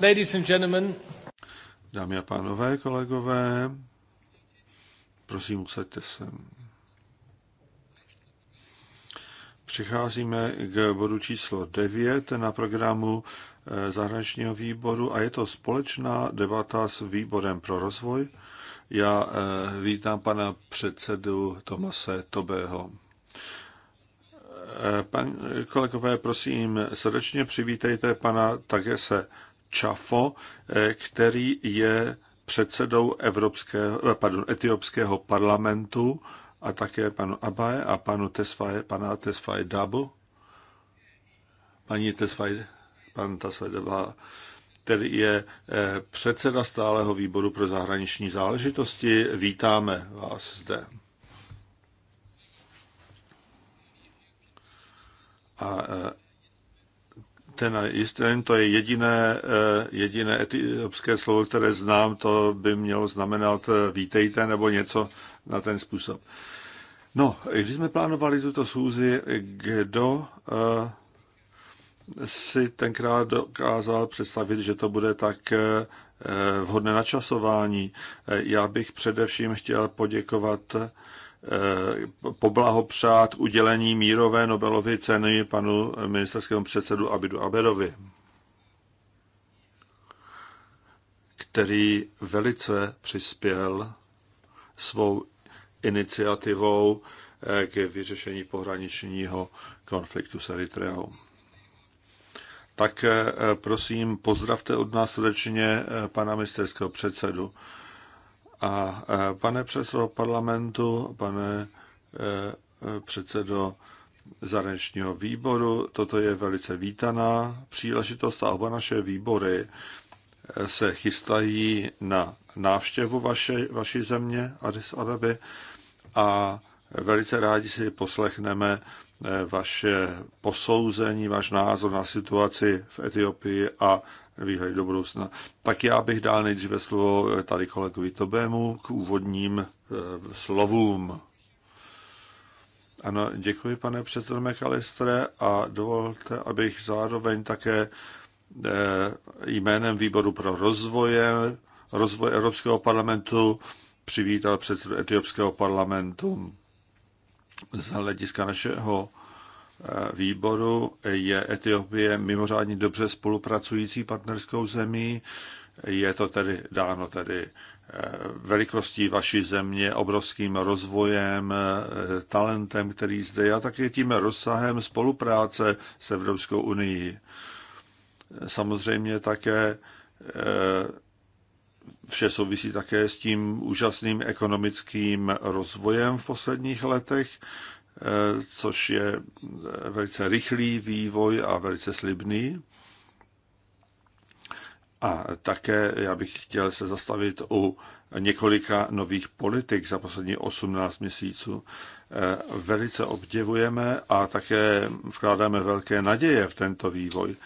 Ladies and gentlemen. Dámy a pánové, kolegové, prosím, usaďte se. Přicházíme k bodu číslo 9 na programu eh, zahraničního výboru a je to společná debata s výborem pro rozvoj. Já eh, vítám pana předsedu Tomase Tobého. Eh, pan, kolegové, prosím, srdečně přivítejte pana Tagese Čafo, eh, který je předsedou Evropského, eh, pardon, etiopského parlamentu a také panu Abaye a panu Tesfaye, pana Tesfaye Dabu, paní Tesfaye, pan Tesfaye Dabu, který je eh, předseda stáleho výboru pro zahraniční záležitosti. Vítáme vás zde. A ten, ten to je jediné, eh, jediné etiopské slovo, které znám, to by mělo znamenat eh, vítejte nebo něco na ten způsob. No, když jsme plánovali tuto schůzi, kdo eh, si tenkrát dokázal představit, že to bude tak vhodné načasování. Já bych především chtěl poděkovat Eh, poblahopřát udělení mírové Nobelovy ceny panu ministerskému předsedu Abidu Abedovi, který velice přispěl svou iniciativou eh, k vyřešení pohraničního konfliktu s Eritreou. Tak eh, prosím, pozdravte od nás srdečně pana ministerského předsedu. A e, pane předsedo parlamentu, pane e, předsedo zahraničního výboru, toto je velice vítaná příležitost a oba naše výbory e, se chystají na návštěvu vaše, vaší země Addis Abeby a velice rádi si poslechneme vaše posouzení, váš názor na situaci v Etiopii a výhled do budoucna. Tak já bych dal nejdříve slovo tady kolegovi Tobému k úvodním eh, slovům. Ano, děkuji, pane předsedo McAllistere, a dovolte, abych zároveň také eh, jménem Výboru pro rozvoje, rozvoj Evropského parlamentu přivítal předsedu Etiopského parlamentu z hlediska našeho výboru je Etiopie mimořádně dobře spolupracující partnerskou zemí. Je to tedy dáno tedy eh, velikostí vaší země, obrovským rozvojem, eh, talentem, který zde je, a také tím rozsahem spolupráce s Evropskou unii. Samozřejmě také eh, vše souvisí také s tím úžasným ekonomickým rozvojem v posledních letech což je velice rychlý vývoj a velice slibný. A také já bych chtěl se zastavit u několika nových politik za poslední 18 měsíců. Velice obdivujeme a také vkládáme velké naděje v tento vývoj.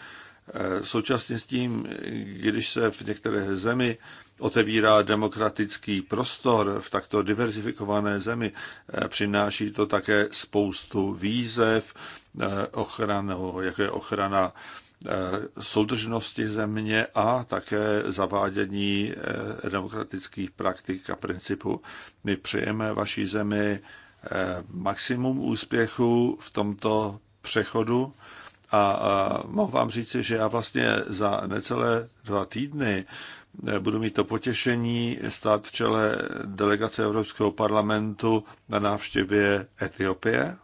Současně s tím, když se v některé zemi otevírá demokratický prostor v takto diverzifikované zemi. Eh, přináší to také spoustu výzev, eh, ochranu, jako je ochrana eh, soudržnosti země a také zavádění demokratických praktik a principů. My přejeme vaší zemi maximum úspěchu v tomto přechodu a mohu vám říci, že já vlastně za necelé dva týdny budu mít to potěšení stát v čele delegace Evropského parlamentu na návštěvě Etiopie.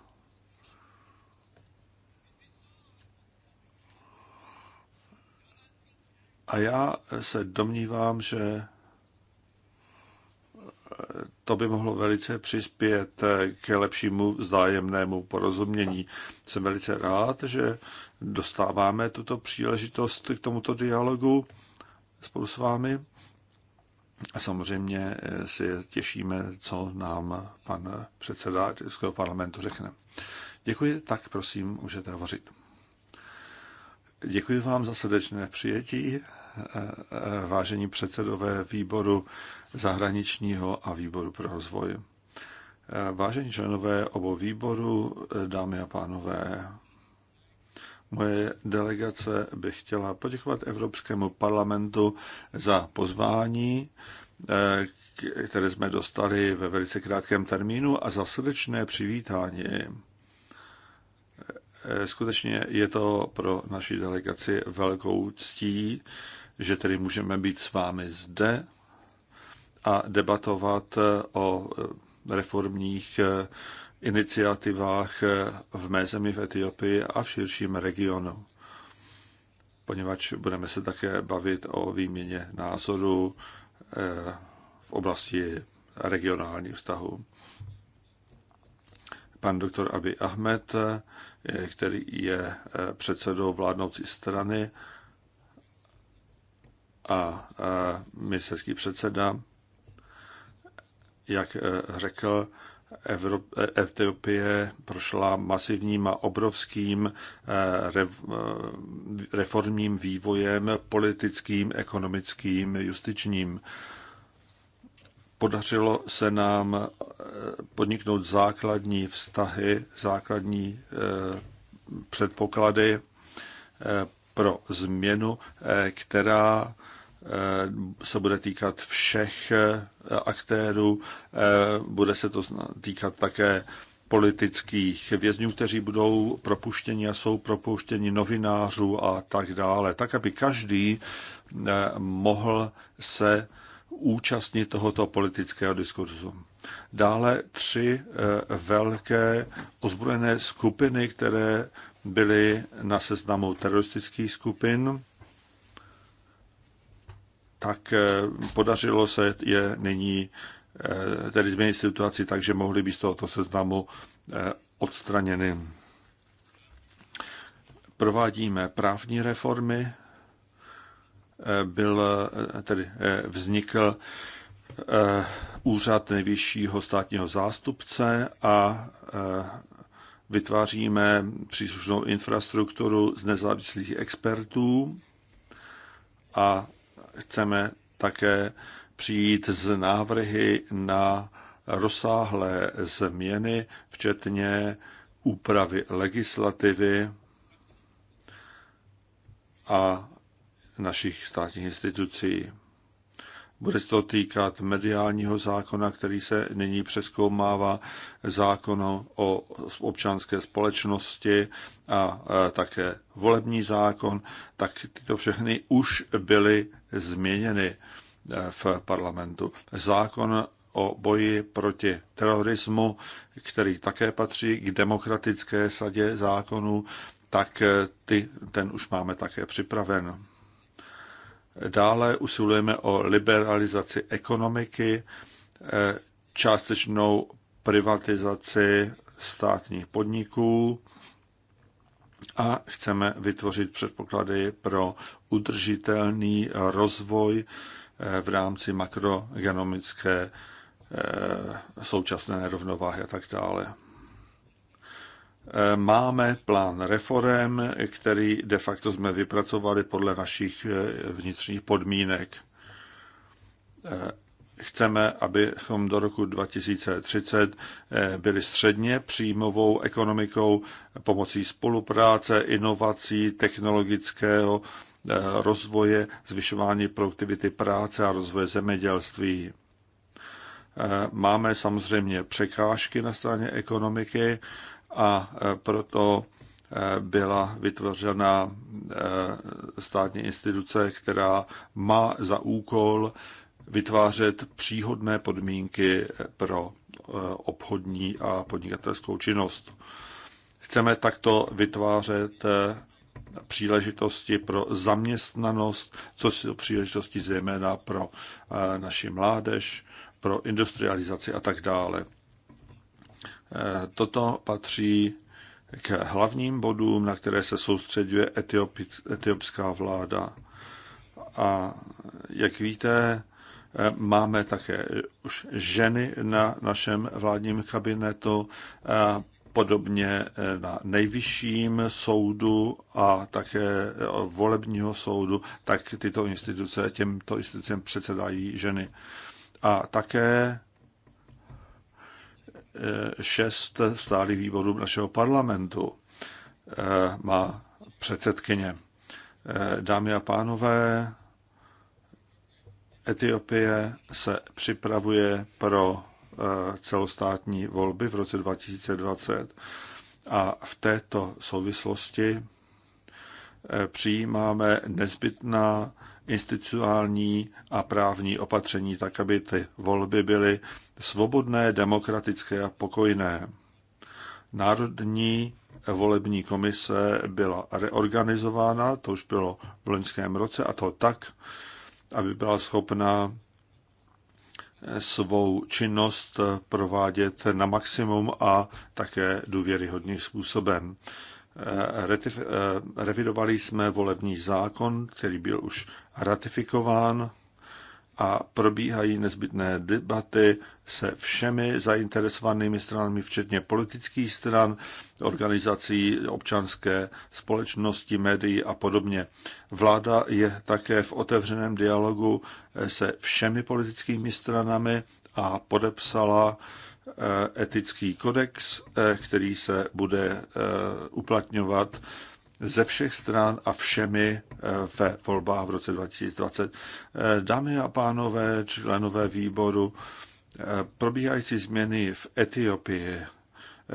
A já se domnívám, že to by mohlo velice přispět k lepšímu vzájemnému porozumění. Jsem velice rád, že dostáváme tuto příležitost k tomuto dialogu spolu s vámi. A samozřejmě eh, si těšíme, co nám pan předseda Českého parlamentu řekne. Děkuji, tak prosím, můžete hovořit. Děkuji vám za srdečné přijetí, eh, eh, vážení předsedové výboru zahraničního a výboru pro rozvoj. Vážení členové obou výboru, dámy a pánové, Moje delegace by chtěla poděkovat Evropskému parlamentu za pozvání, eh, které jsme dostali ve velice krátkém termínu a za srdečné přivítání. Eh, skutečně je to pro naši delegaci velkou ctí, že tedy můžeme být s vámi zde a debatovat o eh, reformních iniciativách eh, v mé zemi v Etiopii a v širším regionu. Poněvadž budeme se také bavit o výměně názorů eh, v oblasti regionálních vztahů. Pan doktor Abi Ahmed, eh, který je předsedou vládnoucí strany a ministerský předseda, jak řekl, E, Etiopie prošla masivním a obrovským e, e, reformním vývojem politickým, ekonomickým, justičním. Podařilo se nám podniknout základní vztahy, základní předpoklady pro změnu, která Eh, se bude týkat všech eh, aktérů, eh, bude se to týkat také politických vězňů, kteří budou propuštěni a jsou propuštěni novinářů a tak dále, tak aby každý mohl se účastnit tohoto politického diskurzu. Dále tři velké ozbrojené skupiny, které byly na seznamu teroristických skupin, tak eh, podařilo se je nyní eh, tedy změnit situaci tak, že mohly být z tohoto seznamu eh, odstraněny. Provádíme právní reformy, byl, tedy vznikl úřad nejvyššího státního zástupce a vytváříme příslušnou infrastrukturu z nezávislých expertů a chceme také přijít z návrhy na rozsáhlé změny, včetně úpravy legislativy a našich státních institucí. Bude se to týkat mediálního zákona, který se nyní přeskoumává, zákon o občanské společnosti a také volební zákon, tak tyto všechny už byly změněny e, v parlamentu. Zákon o boji proti terorismu, který také patří k demokratické sadě zákonů, tak e, ty, ten už máme také připraven. Dále usilujeme o liberalizaci ekonomiky, eh, částečnou privatizaci státních podniků a chceme vytvořit předpoklady pro udržitelný rozvoj eh, v rámci makrogenomické eh, současné nerovnováhy a tak dále máme plán reform, který de facto jsme vypracovali podle našich eh, vnitřních podmínek. Eh, chceme, abychom do roku 2030 eh, byli středně příjmovou ekonomikou pomocí spolupráce, inovací, technologického rozvoje, zvyšování produktivity práce a rozvoje zemědělství. Máme samozřejmě překážky na straně ekonomiky, a e, proto e, byla vytvořena e, státní instituce, která má za úkol vytvářet příhodné podmínky pro obchodní a podnikatelskou činnost. Chceme takto vytvářet příležitosti pro zaměstnanost, což jsou příležitosti zejména pro naši mládež, pro industrializaci a tak dále. Eh, toto patří k hlavním bodům, na které se soustředuje etiopská vláda. A jak víte, eh, máme také už ženy na našem vládním kabinetu, eh, podobně na nejvyšším soudu a také volebního soudu, tak tyto instituce, těmto institucem předsedají ženy. A také šest stálých výborů našeho parlamentu eh, má předsedkyně. Eh, dámy a pánové, Etiopie se připravuje pro eh, celostátní volby v roce 2020 a v této souvislosti přijímáme nezbytná institucionální a právní opatření, tak aby ty volby byly svobodné, demokratické a pokojné. Národní volební komise byla reorganizována, to už bylo v loňském roce, a to tak, aby byla schopna svou činnost provádět na maximum a také důvěryhodným způsobem. Revidovali jsme volební zákon, který byl už ratifikován a probíhají nezbytné debaty se všemi zainteresovanými stranami, včetně politických stran, organizací občanské společnosti, médií a podobně. Vláda je také v otevřeném dialogu se všemi politickými stranami a podepsala eh, etický kodex, eh, který se bude eh, uplatňovat ze všech stran a všemi eh, ve volbách v roce 2020. Eh, dámy a pánové, členové výboru, eh, probíhající změny v Etiopii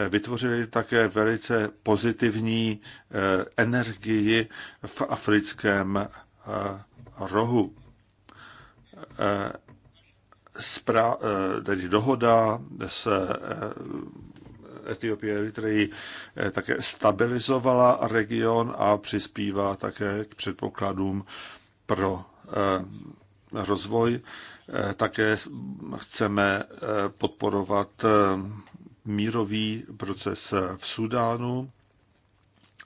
vytvořily také velice pozitivní energii v africkém rohu. Spra- tedy dohoda s Etiopie, Eritreji eh, také stabilizovala region a přispívá také k předpokladům pro eh, rozvoj. Eh, také chceme podporovat mírový proces v Sudánu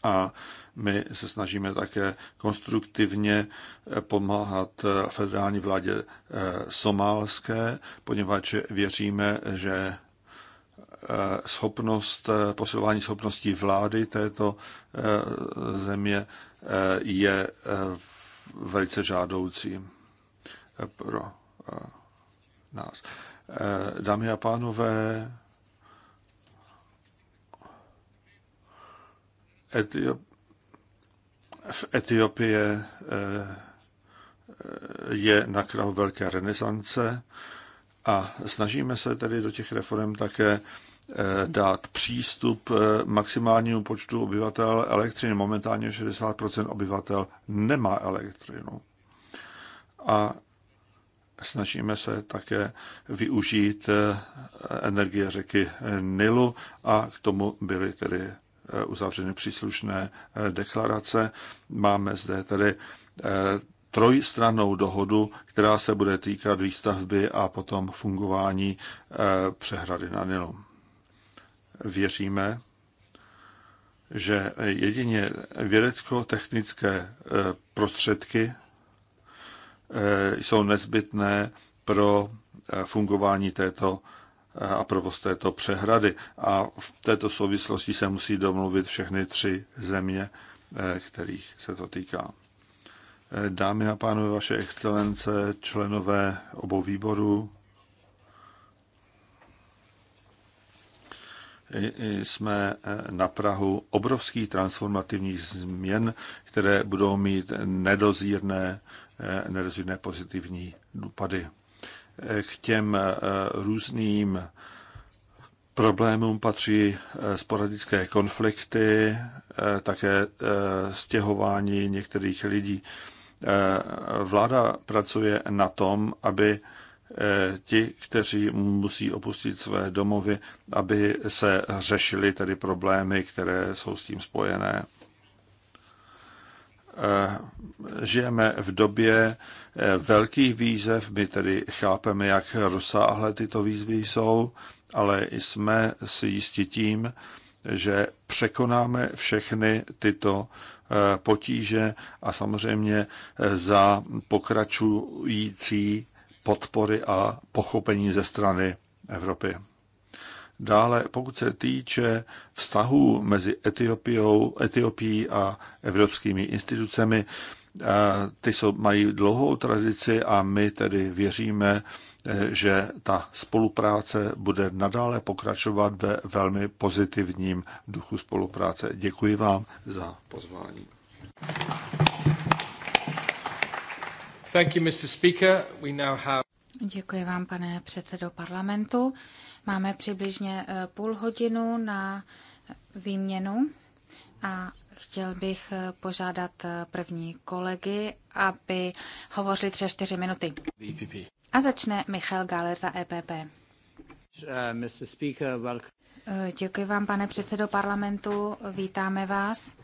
a my se snažíme také konstruktivně pomáhat federální vládě somálské, poněvadž věříme, že Eh, schopnost, eh, posilování schopností vlády této eh, země je velice žádoucí pro nás. Dámy a pánové, Etiop, v Etiopie je na krahu velké renesance a snažíme se tedy do těch reform také Eh, dát přístup eh, maximálnímu počtu obyvatel elektřiny. Momentálně 60% obyvatel nemá elektřinu. A snažíme se také využít eh, energie řeky Nilu a k tomu byly tedy uzavřeny příslušné deklarace. Máme zde tedy trojstrannou dohodu, která se bude týkat výstavby a potom fungování přehrady na Nilu věříme, že jedině vědecko-technické eh, prostředky eh, jsou nezbytné pro eh, fungování této a provoz této přehrady. A v této souvislosti se musí domluvit všechny tři země, kterých se to týká. Dámy a pánové, vaše excelence, členové obou výborů, jsme e, na Prahu obrovských transformativních změn, které budou mít nedozírné, e, nedozírné pozitivní dopady. E, k těm různým problémům patří sporadické konflikty, také stěhování některých lidí. Vláda pracuje na tom, aby Eh, ti, kteří musí opustit své domovy, aby se řešili tedy problémy, které jsou s tím spojené. Eh, žijeme v době eh, velkých výzev, my tedy chápeme, jak rozsáhlé tyto výzvy jsou, ale jsme si jistí tím, že překonáme všechny tyto potíže a samozřejmě za pokračující podpory a pochopení ze strany Evropy. Dále, pokud se týče vztahů mezi Etiopiou, Etiopií a evropskými institucemi, eh, ty jsou, mají dlouhou tradici a my tedy věříme, eh, že ta spolupráce bude nadále pokračovat ve velmi pozitivním duchu spolupráce. Děkuji vám za pozvání. Děkuji vám, pane předsedo parlamentu. Máme přibližně eh, půl hodinu na výměnu a chtěl bych eh, požádat eh, první kolegy, aby hovořili tři čtyři minuty. E a začne Michal Gáler za EPP. Uh, děkuji vám, pane předsedo parlamentu. Vítáme vás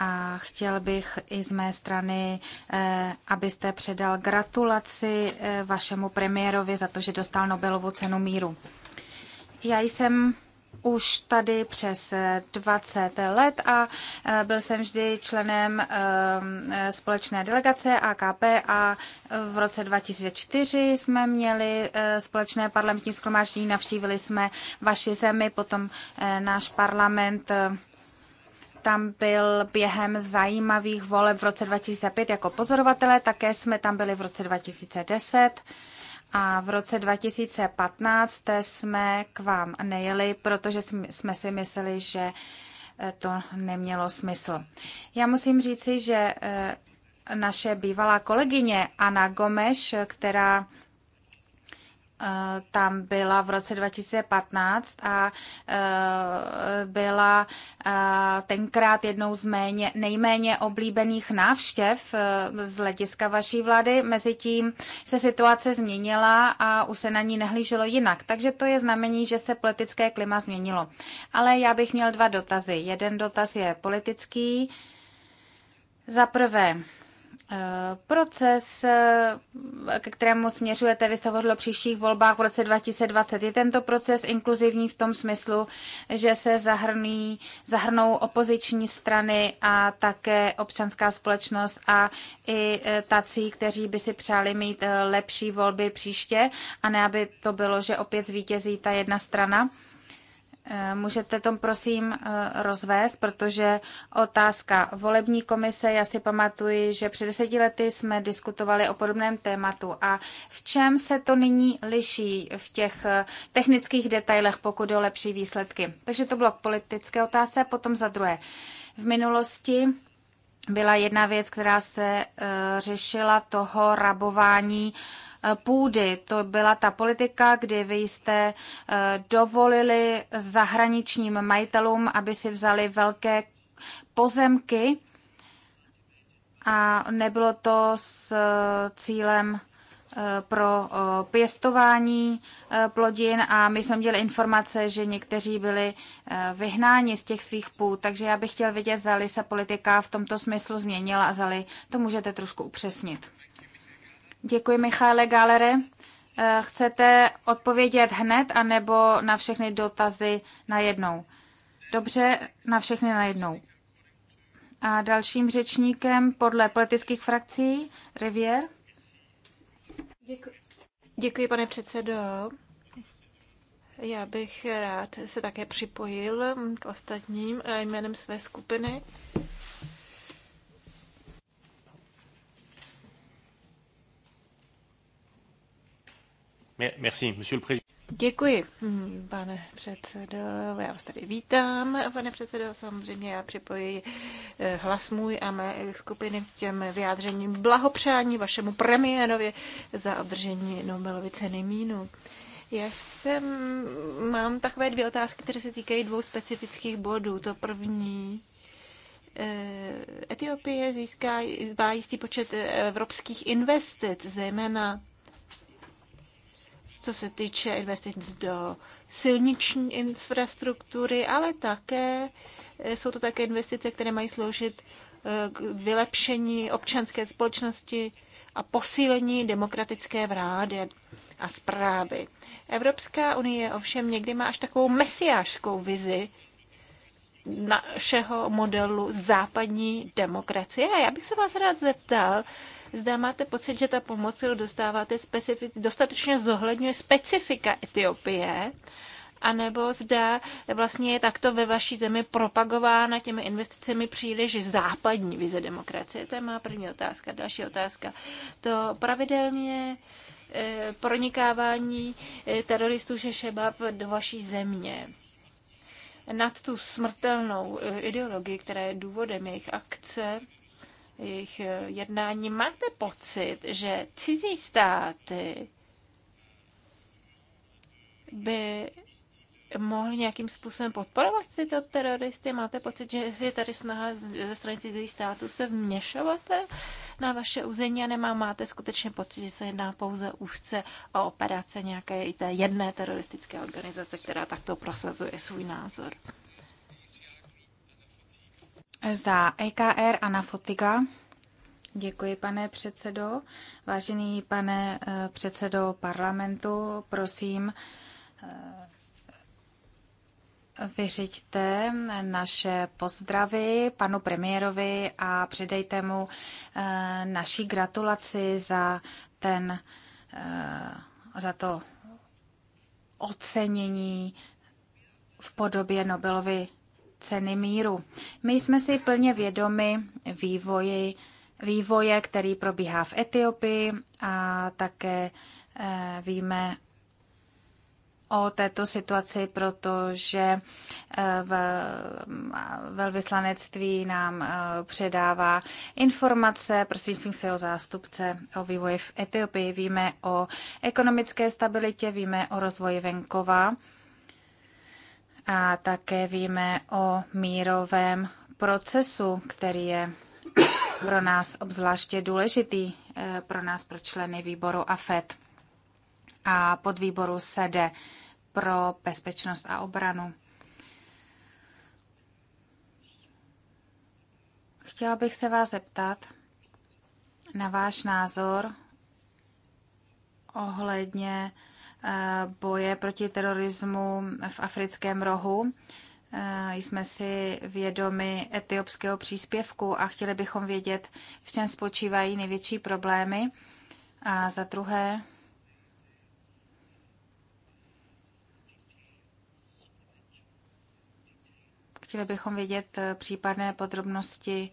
a chtěl bych i z mé strany, eh, abyste předal gratulaci eh, vašemu premiérovi za to, že dostal Nobelovu cenu míru. Já jsem už tady přes 20 eh, let a byl jsem vždy členem společné delegace AKP a v roce 2004 jsme měli společné parlamentní schromáždění, navštívili jsme vaši zemi, potom náš parlament tam byl během zajímavých voleb v roce 2005 jako pozorovatelé, také jsme tam byli v roce 2010 a v roce 2015 jsme k vám nejeli, protože jsme si mysleli, že eh, to nemělo smysl. Já musím říci, že eh, naše bývalá kolegyně Ana Gomeš, která Eh, tam byla v roce 2015 a eh, byla eh, tenkrát jednou z méně, nejméně oblíbených návštěv z hlediska vaší vlády. Mezitím se situace změnila a už se na ní nehlíželo jinak. Takže to je znamení, že se politické klima změnilo. Ale já bych měl dva dotazy. Jeden dotaz je politický. Za prvé, Proces, eh, ke kterému směřujete, vy jste hovořil o příštích volbách v roce 2020. Je tento proces inkluzivní v tom smyslu, že se zahrnují, zahrnou opoziční strany a také občanská společnost a i eh, tací, kteří by si přáli mít eh, lepší volby příště a ne, aby to bylo, že opět zvítězí ta jedna strana? Eh, můžete to prosím eh, rozvést, protože otázka volební komise, já si pamatuji, že před deseti lety jsme diskutovali o podobném tématu. A v čem se to nyní liší v těch eh, technických detailech, pokud o lepší výsledky? Takže to bylo k politické otázce potom za druhé. V minulosti byla jedna věc, která se řešila toho rabování půdy. To byla ta politika, kdy vy jste eh, dovolili zahraničním majitelům, aby si vzali velké pozemky a nebylo to s eh, cílem eh, pro pěstování plodin a my jsme měli informace, že někteří byli vyhnáni z těch svých půd, takže já bych chtěl vidět, zali se politika v tomto smyslu změnila a zali to můžete trošku upřesnit. Děkuji, Michale Galere. Eh, chcete odpovědět hned, anebo na všechny dotazy najednou? Dobře, na všechny najednou. A dalším řečníkem podle politických frakcí Rivier. Děkuji. Děkuji, pane předsedo. Já bych rád se také připojil k ostatním jménem své skupiny. Děkuji, hm, pane předsedo. Já vás tady vítám, pane předsedo. Samozřejmě já připoji eh, hlas můj a mé skupiny k těm vyjádřením blahopřání vašemu premiérovi za obdržení Nobelovy ceny mínu. Já jsem, mám takové dvě otázky, které se týkají dvou specifických bodů. To první eh, Etiopie získá jistý počet eh, evropských investic, zejména co se týče investic do silniční infrastruktury, ale také eh, jsou to také investice, které mají sloužit eh, k vylepšení občanské společnosti a posílení demokratické vlády a zprávy. Evropská unie ovšem někdy má až takovou mesiářskou vizi našeho modelu západní demokracie. A já bych se vás rád zeptal, Zda máte pocit, že ta pomoc, kterou dostáváte, specific, dostatečně zohledňuje specifika Etiopie, anebo zda vlastně je takto ve vaší zemi propagována těmi investicemi příliš západní vize demokracie. To je má první otázka. Další otázka. To pravidelně eh, pronikávání eh, teroristů Šešebab do vaší země nad tu smrtelnou eh, ideologii, která je důvodem jejich akce, jejich eh, jednání. Máte pocit, že cizí státy by mohli nějakým způsobem podporovat tyto teroristy? Máte pocit, že je tady snaha ze strany cizích států se vměšovat eh, na vaše území a nemá, máte skutečně pocit, že se jedná pouze úzce o operace nějaké i té jedné teroristické organizace, která takto prosazuje svůj názor? Za EKR Ana Fotiga. Děkuji, pane předsedo. Vážený pane eh, předsedo parlamentu, prosím, eh, vyřiďte naše pozdravy panu premiérovi a předejte mu eh, naší gratulaci za ten, za to ocenění v podobě Nobelovy ceny míru. My jsme si plně vědomi vývoji, vývoje, který probíhá v Etiopii a také eh, víme o této situaci, protože eh, v eh, velvyslanectví nám předává informace prostřednictvím svého zástupce o vývoji v Etiopii. Víme o ekonomické stabilitě, víme o rozvoji venkova a také víme o mírovém procesu, který je pro nás obzvláště důležitý, eh, pro nás, pro členy výboru AFET a podvýboru SEDE pro bezpečnost a obranu. Chtěla bych se vás zeptat na váš názor ohledně Eh, boje proti terorismu v africkém rohu. Eh, jsme si vědomi etiopského příspěvku a chtěli bychom vědět, v čem spočívají největší problémy. A za druhé, chtěli bychom vědět eh, případné podrobnosti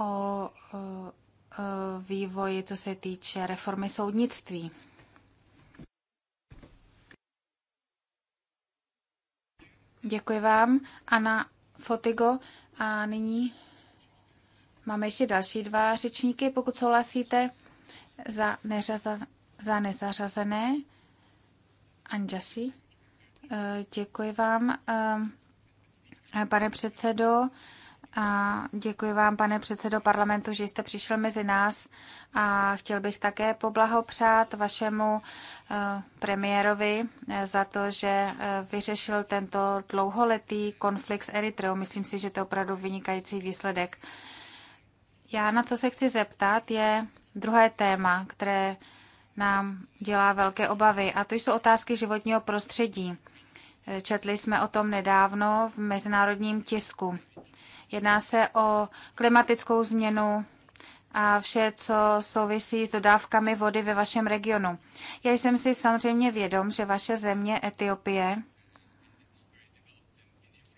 o Eh, vývoji, co se týče reformy soudnictví. Děkuji vám, Ana Fotigo. A nyní máme ještě další dva řečníky, pokud souhlasíte, za, neřaza, za nezařazené. Anjaši, eh, děkuji vám, eh, pane předsedo. A děkuji vám, pane předsedo parlamentu, že jste přišel mezi nás a chtěl bych také poblahopřát vašemu eh, premiérovi eh, za to, že eh, vyřešil tento dlouholetý konflikt s Eritreou. Myslím si, že to je opravdu vynikající výsledek. Já na co se chci zeptat je druhé téma, které nám dělá velké obavy a to jsou otázky životního prostředí. Četli jsme o tom nedávno v mezinárodním tisku. Jedná se o klimatickou změnu a vše, co souvisí s dodávkami vody ve vašem regionu. Já jsem si samozřejmě vědom, že vaše země Etiopie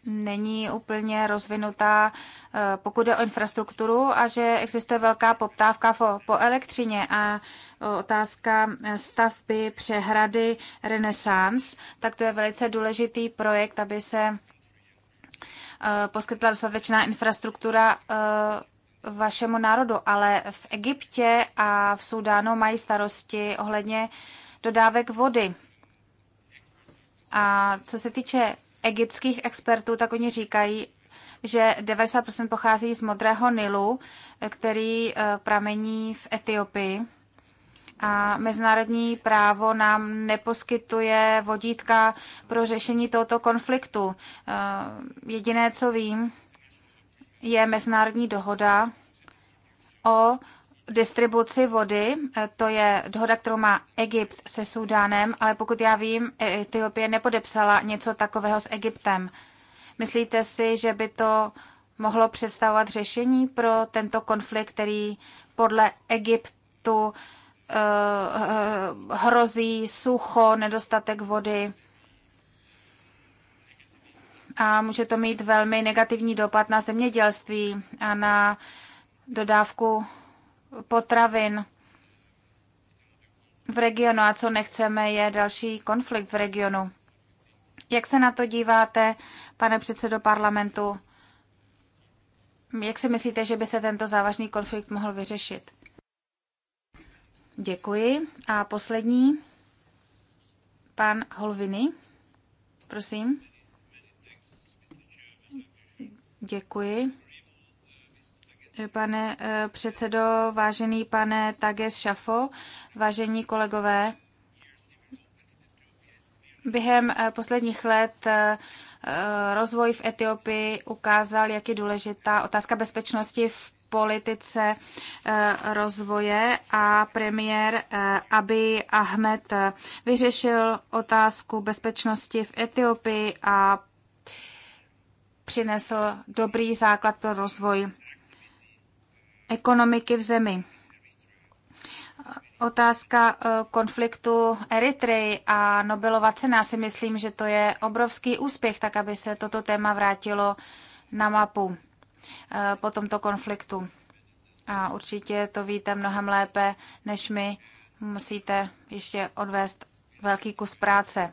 není úplně rozvinutá, eh, pokud je o infrastrukturu a že existuje velká poptávka po elektřině a otázka eh, stavby přehrady Renaissance, tak to je velice důležitý projekt, aby se Eh, poskytla dostatečná infrastruktura eh, vašemu národu, ale v Egyptě a v Súdánu mají starosti ohledně dodávek vody. A co se týče egyptských expertů, tak oni říkají, že 90% pochází z Modrého Nilu, který eh, pramení v Etiopii. A mezinárodní právo nám neposkytuje vodítka pro řešení tohoto konfliktu. Eh, jediné, co vím, je mezinárodní dohoda o distribuci vody, eh, to je dohoda, kterou má Egypt se Sudánem, ale pokud já vím, eh, Etiopie nepodepsala něco takového s Egyptem. Myslíte si, že by to mohlo představovat řešení pro tento konflikt, který podle Egyptu Eh, eh, hrozí sucho, nedostatek vody a může to mít velmi negativní dopad na zemědělství a na dodávku potravin v regionu a co nechceme je další konflikt v regionu. Jak se na to díváte, pane předsedo parlamentu? Jak si myslíte, že by se tento závažný konflikt mohl vyřešit? Děkuji. A poslední, pan Holviny, prosím. Děkuji. Pane eh, předsedo, vážený pane Tages Šafo, vážení kolegové, během eh, posledních let eh, rozvoj v Etiopii ukázal, jak je důležitá otázka bezpečnosti v politice eh, rozvoje a premiér eh, aby Ahmed eh, vyřešil otázku bezpečnosti v Etiopii a přinesl dobrý základ pro rozvoj ekonomiky v zemi. Otázka konfliktu Eritreji a Nobelova cena si myslím, že to je obrovský úspěch, tak aby se toto téma vrátilo na mapu. Eh, po tomto konfliktu. A určitě to víte mnohem lépe než my. Musíte ještě odvést velký kus práce.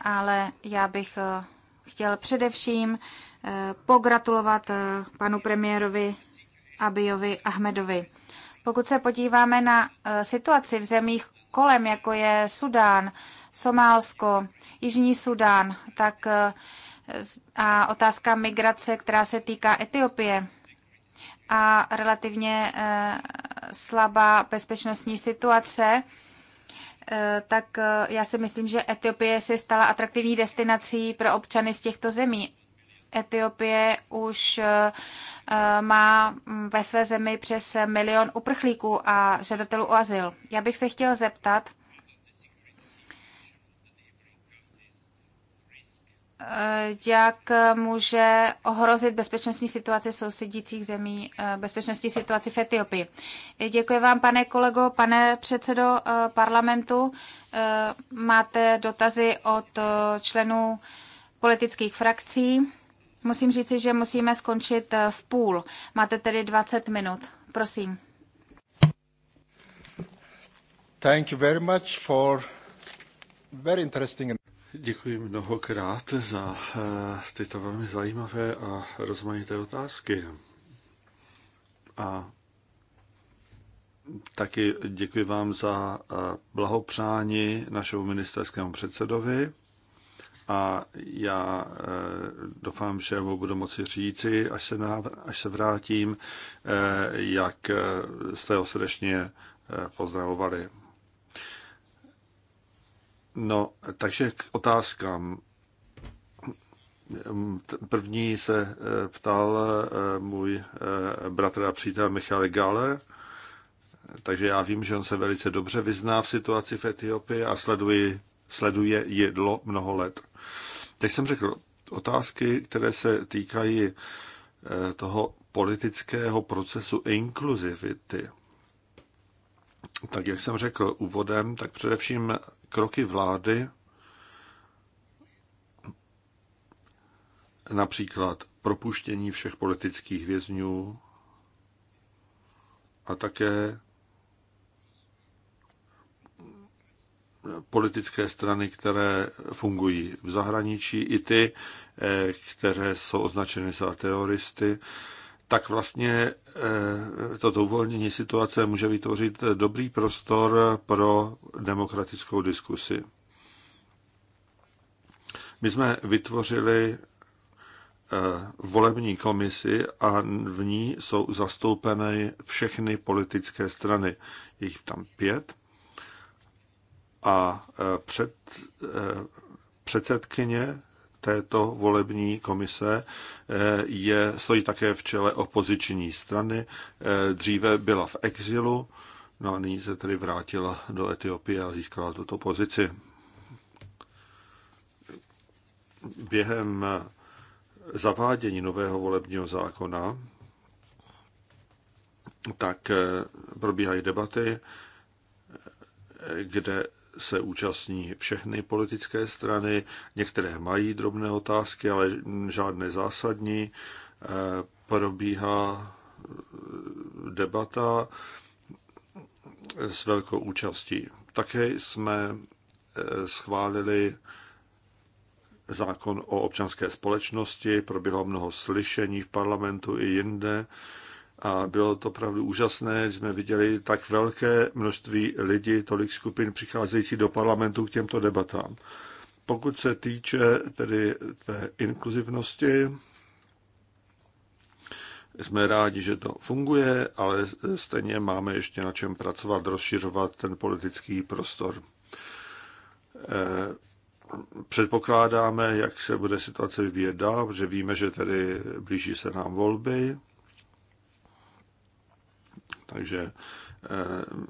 Ale já bych eh, chtěl především eh, pogratulovat panu premiérovi Abijovi Ahmedovi. Pokud se podíváme na situaci v zemích kolem, jako je Sudán, Somálsko, Jižní Sudán, tak a otázka migrace, která se týká Etiopie a relativně eh, slabá bezpečnostní situace, eh, tak eh, já si myslím, že Etiopie se stala atraktivní destinací pro občany z těchto zemí. Etiopie už má mm, ve své zemi přes milion uprchlíků a žadatelů o azyl. Já bych se chtěl zeptat, Eh, jak může ohrozit bezpečnostní situaci sousedících zemí, eh, bezpečnostní situaci v Etiopii. Eh, děkuji vám, pane kolego, pane předsedo parlamentu. Máte dotazy od členů politických frakcí. Musím říci, že musíme skončit v půl. Máte tedy 20 minut. Prosím. Thank you very much for very interesting Děkuji mnohokrát za eh, tyto velmi zajímavé a rozmanité otázky. A taky děkuji vám za eh, blahopřání našemu ministerskému předsedovi a já eh, doufám, že mu budu moci říci, až se, až se vrátím, jak jste ho srdečně pozdravovali. No, takže k otázkám. Ehm, první se eh, ptal eh, můj eh, bratr a přítel Michal Gale, takže já vím, že on se velice dobře vyzná v situaci v Etiopii a sleduje sleduje jedlo mnoho let. Teď jsem řekl, otázky, které se týkají toho politického procesu inkluzivity. Tak jak jsem řekl úvodem, tak především kroky vlády, například propuštění všech politických vězňů a také politické strany, které fungují v zahraničí, i ty, eh, které jsou označeny za teroristy, tak vlastně eh, toto uvolnění situace může vytvořit dobrý prostor pro demokratickou diskusi. My jsme vytvořili eh, volební komisi a v ní jsou zastoupeny všechny politické strany. Je jich tam pět. A eh, před, předsedkyně této volební komise eh, je, stojí také v čele opoziční strany. Eh, dříve byla v exilu, no a nyní se tedy vrátila do Etiopie a získala tuto pozici. Během eh, zavádění nového volebního zákona tak probíhají debaty, kde se účastní všechny politické strany. Některé mají drobné otázky, ale žádné zásadní. Eh, probíhá eh, debata eh, s velkou účastí. Také jsme schválili zákon o občanské společnosti, proběhlo mnoho slyšení v parlamentu i jinde a bylo to opravdu úžasné, že jsme viděli tak velké množství lidí, tolik skupin přicházející do parlamentu k těmto debatám. Pokud se týče tedy té inkluzivnosti, jsme rádi, že to funguje, ale stejně máme ještě na čem pracovat, rozšiřovat ten politický prostor. Eh, předpokládáme, jak se bude situace vyvíjet dál, protože víme, že tedy blíží se nám volby takže eh,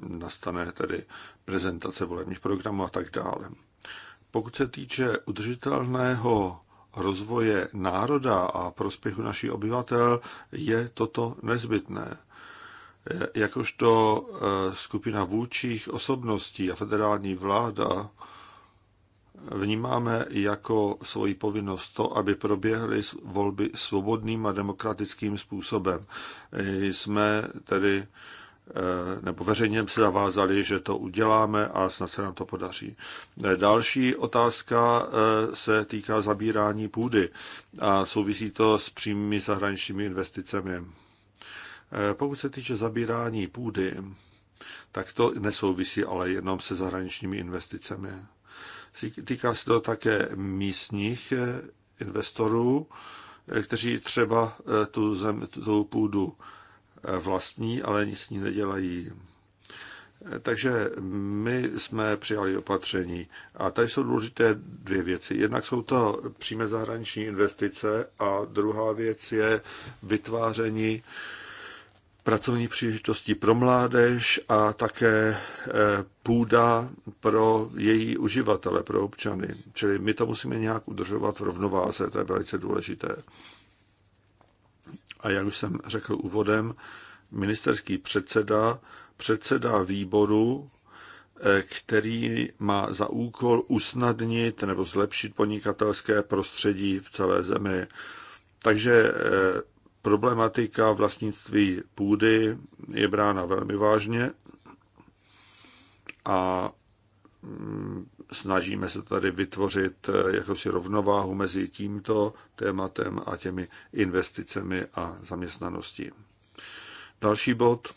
nastane tedy prezentace volebních programů a tak dále. Pokud se týče udržitelného rozvoje národa a prospěchu našich obyvatel, je toto nezbytné. Eh, jakožto eh, skupina vůčích osobností a federální vláda vnímáme jako svoji povinnost to, aby proběhly volby svobodným a demokratickým způsobem. Jsme tedy eh, nebo veřejně se zavázali, že to uděláme a snad se nám to podaří. Eh, další otázka eh, se týká zabírání půdy a souvisí to s přímými zahraničními investicemi. Pokud se týče zabírání půdy, tak to nesouvisí ale jenom se zahraničními investicemi. Týká se to také místních eh, investorů, eh, kteří třeba eh, tu, zem, tu půdu vlastní, ale nic s ní nedělají. Takže my jsme přijali opatření. A tady jsou důležité dvě věci. Jednak jsou to přímé zahraniční investice a druhá věc je vytváření pracovní příležitosti pro mládež a také eh, půda pro její uživatele, pro občany. Čili my to musíme nějak udržovat v rovnováze, to je velice důležité. A jak už jsem řekl úvodem, ministerský předseda, předseda výboru, eh, který má za úkol usnadnit nebo zlepšit podnikatelské prostředí v celé zemi. Takže eh, Problematika vlastnictví půdy je brána velmi vážně a mm, snažíme se tady vytvořit eh, jakousi rovnováhu mezi tímto tématem a těmi investicemi a zaměstnaností. Další bod.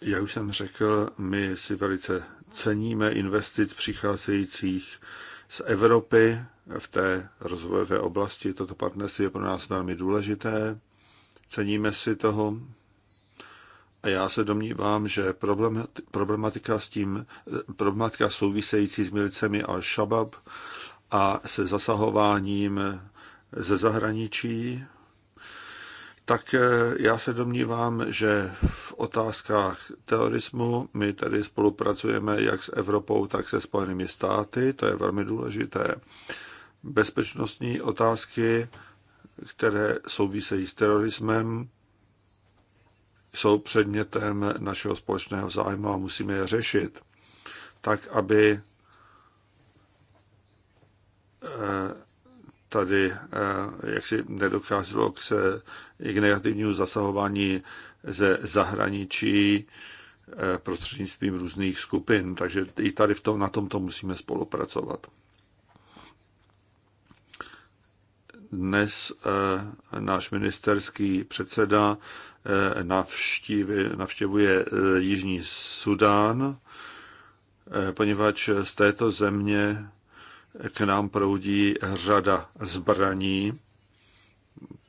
Jak už jsem řekl, my si velice ceníme investic přicházejících z Evropy v té rozvojové oblasti. Toto partnerství je pro nás velmi důležité, ceníme si toho a já se domnívám, že problematika, s tím, problematika související s milicemi al-Shabaab a se zasahováním ze zahraničí tak eh, já se domnívám, že v otázkách terorismu my tady spolupracujeme jak s Evropou, tak se Spojenými státy, to je velmi důležité. Bezpečnostní otázky, které souvisejí s terorismem, jsou předmětem našeho společného zájmu a musíme je řešit tak, aby eh, tady eh, jak si nedocházelo k, se, k negativnímu zasahování ze zahraničí eh, prostřednictvím různých skupin. Takže i tady v tom, na tomto musíme spolupracovat. Dnes eh, náš ministerský předseda navštívi, navštěvuje Jižní Sudán, poněvadž z této země k nám proudí řada zbraní,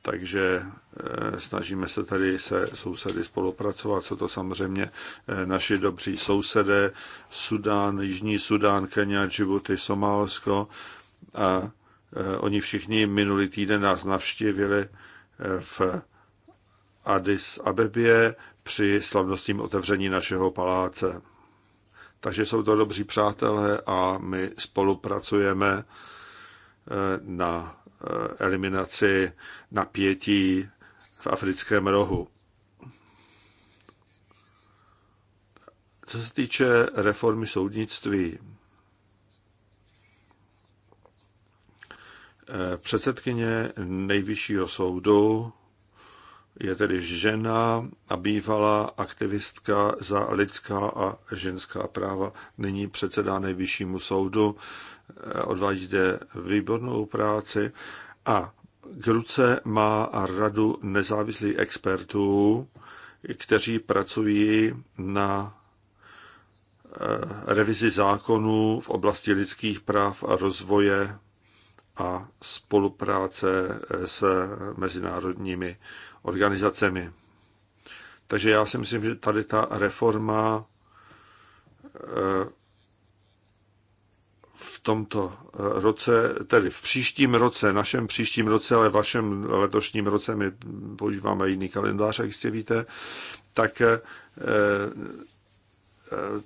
takže eh, snažíme se tady se sousedy spolupracovat. Jsou to samozřejmě eh, naši dobří sousedé, Sudán, Jižní Sudán, Kenia, Djibouti, Somálsko a eh, oni všichni minulý týden nás navštívili v Addis Abebě při slavnostním otevření našeho paláce. Takže jsou to dobří přátelé a my spolupracujeme eh, na eh, eliminaci napětí v africkém rohu. Co se týče reformy soudnictví, eh, předsedkyně nejvyššího soudu je tedy žena a bývalá aktivistka za lidská a ženská práva, nyní předsedá nejvyššímu soudu, eh, odvádí zde výbornou práci a k ruce má radu nezávislých expertů, kteří pracují na eh, revizi zákonů v oblasti lidských práv a rozvoje a spolupráce eh, s mezinárodními organizacemi. Takže já si myslím, že tady ta reforma eh, v tomto eh, roce, tedy v příštím roce, našem příštím roce, ale vašem letošním roce, my používáme jiný kalendář, jak jistě víte, tak eh,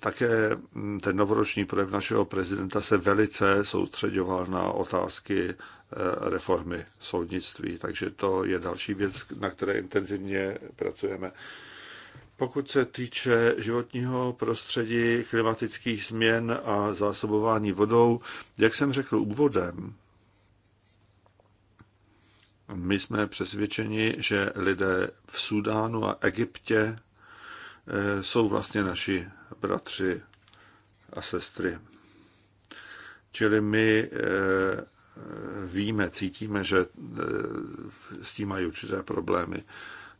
také ten novoroční projev našeho prezidenta se velice soustředoval na otázky Eh, reformy soudnictví. Takže to je další věc, na které intenzivně pracujeme. Pokud se týče životního prostředí, klimatických změn a zásobování vodou, jak jsem řekl úvodem, my jsme přesvědčeni, že lidé v Sudánu a Egyptě eh, jsou vlastně naši bratři a sestry. Čili my eh, víme, cítíme, že e, s tím mají určité problémy.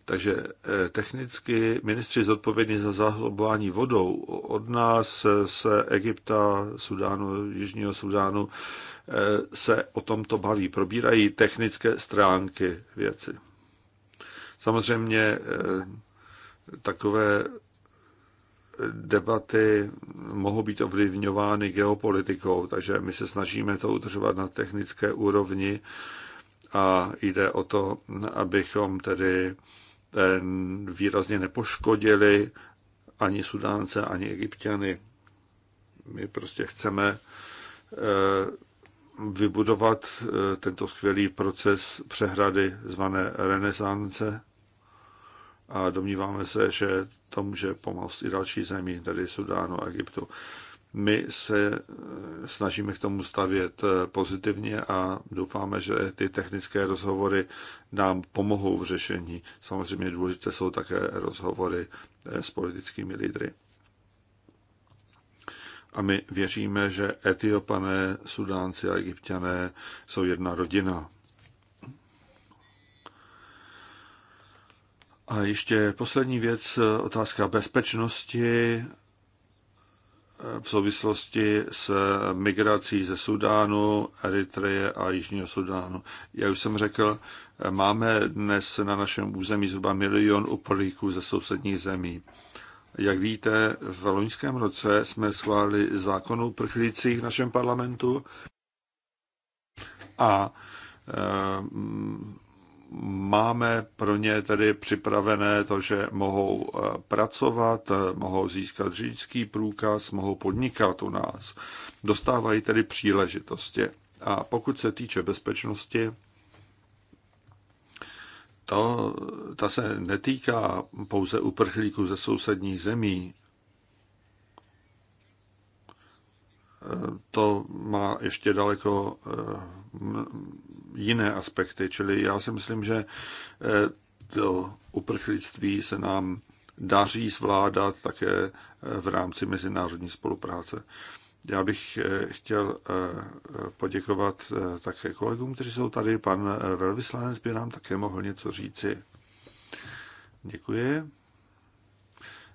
Takže e, technicky ministři zodpovědní za zahlobování vodou od nás z e, Egypta, Sudánu, Jižního Sudánu se o tomto baví. Probírají technické stránky věci. Samozřejmě takové debaty mohou být ovlivňovány geopolitikou, takže my se snažíme to udržovat na technické úrovni a jde o to, abychom tedy eh, výrazně nepoškodili ani Sudánce, ani Egyptiany. My prostě chceme eh, vybudovat eh, tento skvělý proces přehrady zvané renesance a domníváme se, že to může pomoct i další zemi, tedy Sudánu a Egyptu. My se eh, snažíme k tomu stavět eh, pozitivně a doufáme, že ty technické rozhovory nám pomohou v řešení. Samozřejmě důležité jsou také rozhovory eh, s politickými lídry. A my věříme, že Etiopané, Sudánci a Egyptiané jsou jedna rodina. A ještě poslední věc, otázka bezpečnosti eh, v souvislosti s migrací ze Sudánu, Eritreje a Jižního Sudánu. Jak už jsem řekl, eh, máme dnes na našem území zhruba milion uprchlíků ze sousedních zemí. Jak víte, v loňském roce jsme schválili zákon o uprchlících v našem parlamentu a eh, máme pro ně tedy připravené to, že mohou eh, pracovat, eh, mohou získat řidičský průkaz, mohou podnikat u nás. Dostávají tedy příležitosti. A pokud se týče bezpečnosti, to, ta se netýká pouze uprchlíků ze sousedních zemí, to má ještě daleko eh, jiné aspekty. Čili já si myslím, že eh, to uprchlictví se nám daří zvládat také eh, v rámci mezinárodní spolupráce. Já bych chtěl poděkovat také kolegům, kteří jsou tady. Pan velvyslanec by nám také mohl něco říci. Děkuji.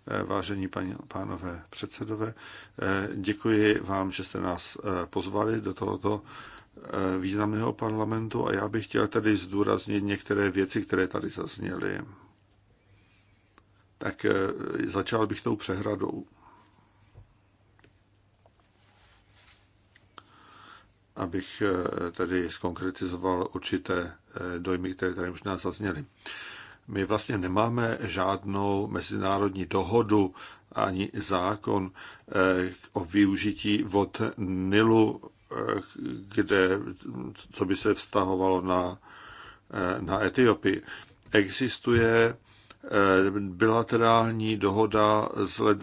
Eh, vážení paní, pánové předsedové. Eh, děkuji vám, že jste nás eh, pozvali do tohoto významného parlamentu a já bych chtěl tady zdůraznit některé věci, které tady zazněly. Tak začal bych tou přehradou. Abych tedy skonkretizoval určité dojmy, které tady možná zazněly. My vlastně nemáme žádnou mezinárodní dohodu ani zákon eh, o využití vod Nilu, eh, kde, co by se vztahovalo na, eh, na Etiopii. Existuje bilaterální dohoda z let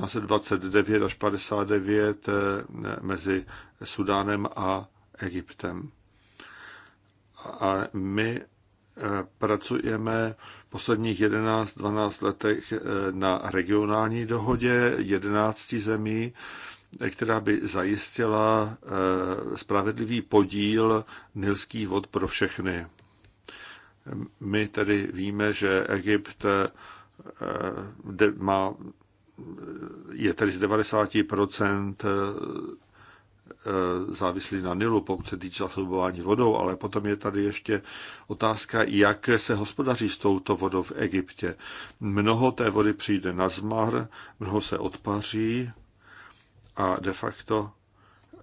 1929 až 59 mezi Sudánem a Egyptem. A my pracujeme v posledních 11-12 letech eh, na regionální dohodě 11 zemí, eh, která by zajistila eh, spravedlivý podíl nilských vod pro všechny. My tedy víme, že Egypt má, je tedy z 90% Eh, závislí na Nilu, pokud se týče zásobování vodou, ale potom je tady ještě otázka, jak se hospodaří s touto vodou v Egyptě. Mnoho té vody přijde na zmar, mnoho se odpaří a de facto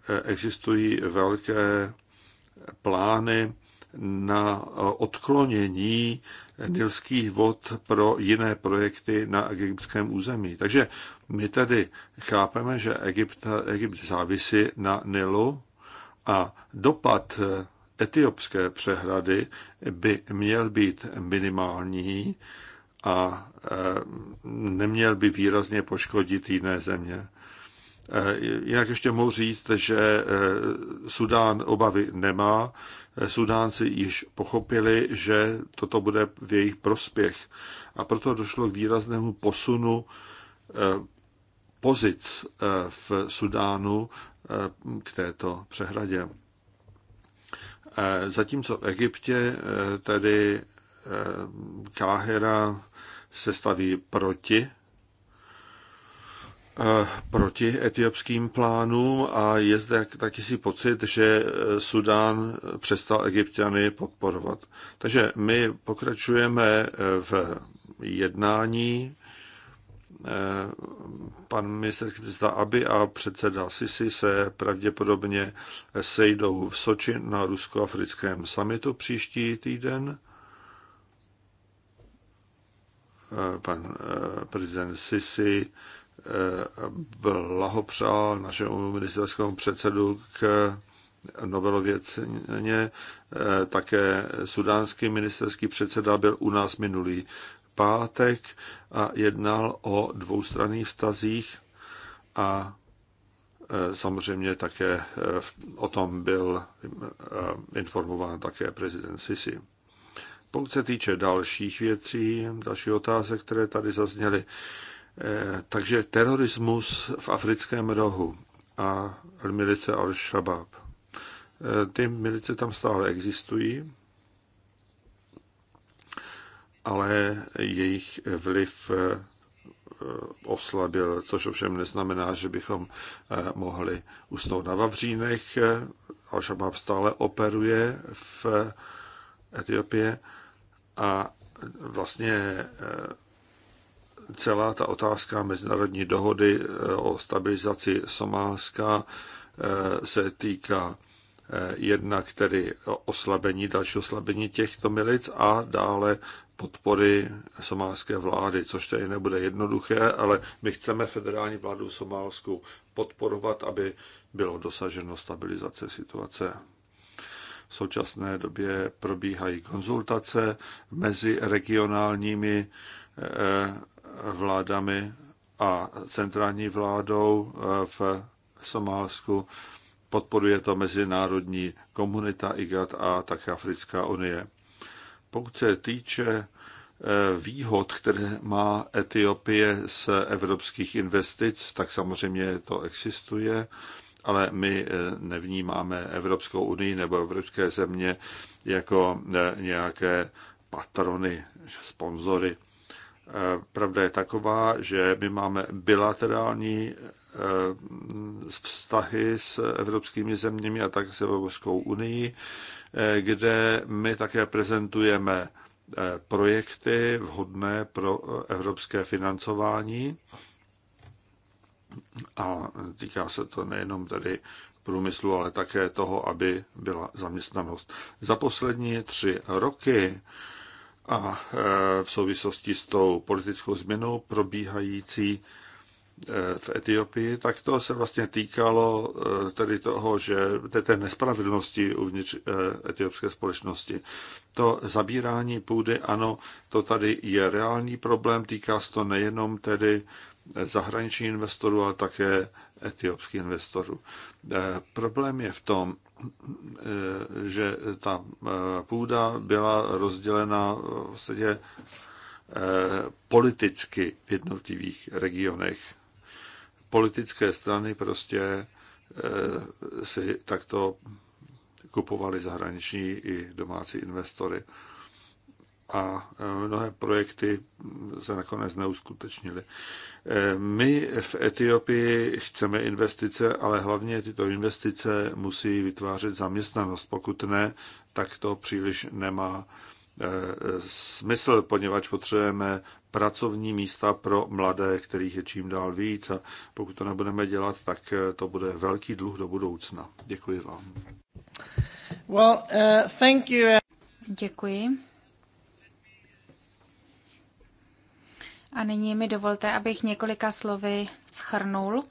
eh, existují velké plány na odklonění nilských vod pro jiné projekty na egyptském území. Takže my tedy chápeme, že Egypt, Egypt závisí na Nilu a dopad etiopské přehrady by měl být minimální a e, neměl by výrazně poškodit jiné země. E, jinak ještě mohu říct, že e, Sudán obavy nemá. Sudánci již pochopili, že toto bude v jejich prospěch. A proto došlo k výraznému posunu pozic eh, v Sudánu eh, k této přehradě. Eh, zatímco v Egyptě tedy Káhera se staví proti proti etiopským plánům a je zde taky si pocit, že Sudán přestal egyptiany podporovat. Takže my pokračujeme v jednání Eh, pan ministerský předseda Aby a předseda Sisi se pravděpodobně sejdou v Soči na rusko-africkém samitu příští týden. Eh, pan eh, prezident Sisi blahopřál našemu ministerskému předsedu k Nobelově ceně. Také sudánský ministerský předseda byl u nás minulý pátek a jednal o dvoustranných vztazích a e, samozřejmě také e, o tom byl e, informován také prezident Sisi. Pokud se týče dalších věcí, další otázek, které tady zazněly, takže terorismus v africkém rohu a milice Al-Shabaab. Ty milice tam stále existují ale jejich vliv eh, oslabil, což ovšem neznamená, že bychom eh, mohli usnout na Vavřínech. Al-Shabaab stále operuje v eh, Etiopie a vlastně celá ta otázka mezinárodní dohody o stabilizaci Somálska se týká Eh, jednak tedy oslabení, další oslabení těchto milic a dále podpory somálské vlády, což tedy nebude jednoduché, ale my chceme federální vládu v Somálsku podporovat, aby bylo dosaženo stabilizace situace. V současné době probíhají konzultace mezi regionálními eh, vládami a centrální vládou eh, v Somálsku Podporuje to mezinárodní komunita IGAT a také Africká unie. Pokud se týče eh, výhod, které má Etiopie z evropských investic, tak samozřejmě to existuje, ale my eh, nevnímáme Evropskou unii nebo evropské země jako eh, nějaké patrony, sponzory. Pravda je taková, že my máme bilaterální Eh, vztahy s evropskými zeměmi a tak s Evropskou unii, eh, kde my také prezentujeme eh, projekty vhodné pro evropské financování. A týká se to nejenom tedy průmyslu, ale také toho, aby byla zaměstnanost. Za poslední tři roky a v souvislosti s tou politickou změnou probíhající Eh, v Etiopii, tak to se vlastně týkalo eh, tedy toho, že té nespravedlnosti uvnitř eh, etiopské společnosti. To zabírání půdy, ano, to tady je reálný problém, týká se to nejenom tedy zahraničních investorů, ale také etiopských investorů. Problém je v tom, že ta půda byla rozdělena v podstatě politicky v jednotlivých regionech politické strany prostě eh, si takto kupovali zahraniční i domácí investory. A eh, mnohé projekty se nakonec neuskutečnily. Eh, my v Etiopii chceme investice, ale hlavně tyto investice musí vytvářet zaměstnanost. Pokud ne, tak to příliš nemá smysl, poněvadž potřebujeme pracovní místa pro mladé, kterých je čím dál víc a pokud to nebudeme dělat, tak eh, to bude velký dluh do budoucna. Děkuji vám. Well, uh, thank you. Děkuji. A nyní mi dovolte, abych několika slovy schrnul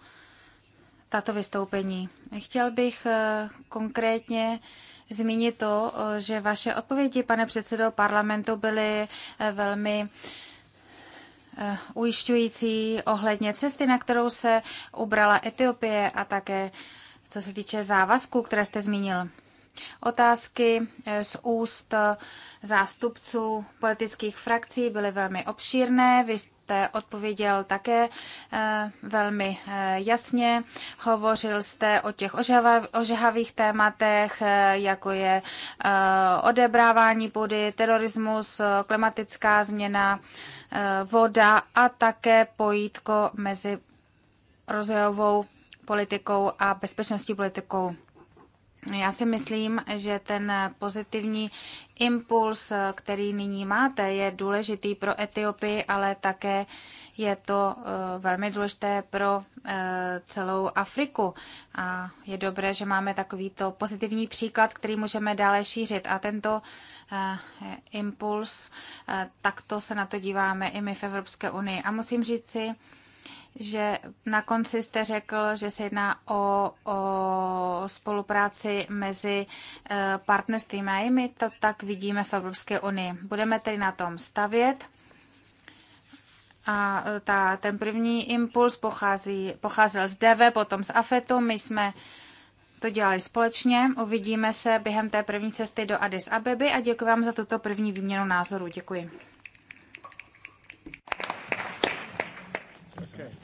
tato vystoupení. Chtěl bych eh, konkrétně zmínit to, eh, že vaše odpovědi, pane předsedo parlamentu, byly eh, velmi eh, ujišťující ohledně cesty, na kterou se ubrala Etiopie a také co se týče závazků, které jste zmínil. Otázky z úst zástupců politických frakcí byly velmi obšírné. Vy jste odpověděl také eh, velmi eh, jasně. Hovořil jste o těch ožehavých tématech, eh, jako je odebrávání půdy, terorismus, klimatická změna, voda a také pojítko mezi rozvojovou politikou a bezpečnostní politikou. Já si myslím, že ten pozitivní impuls, který nyní máte, je důležitý pro Etiopii, ale také je to eh, velmi důležité pro eh, celou Afriku. A je dobré, že máme takovýto pozitivní příklad, který můžeme dále šířit. A tento eh, impuls, takto se na to díváme i my v Evropské unii. A musím říct si, že na konci jste řekl, že se jedná o, o spolupráci mezi eh, partnerstvím a my to tak vidíme v Evropské unii. Budeme tedy na tom stavět. A eh, ta, ten první impuls pochází, pocházel z DV, potom z AFETu. My jsme to dělali společně. Uvidíme se během té první cesty do Addis Abeby a děkuji vám za tuto první výměnu názorů. Děkuji. Okay.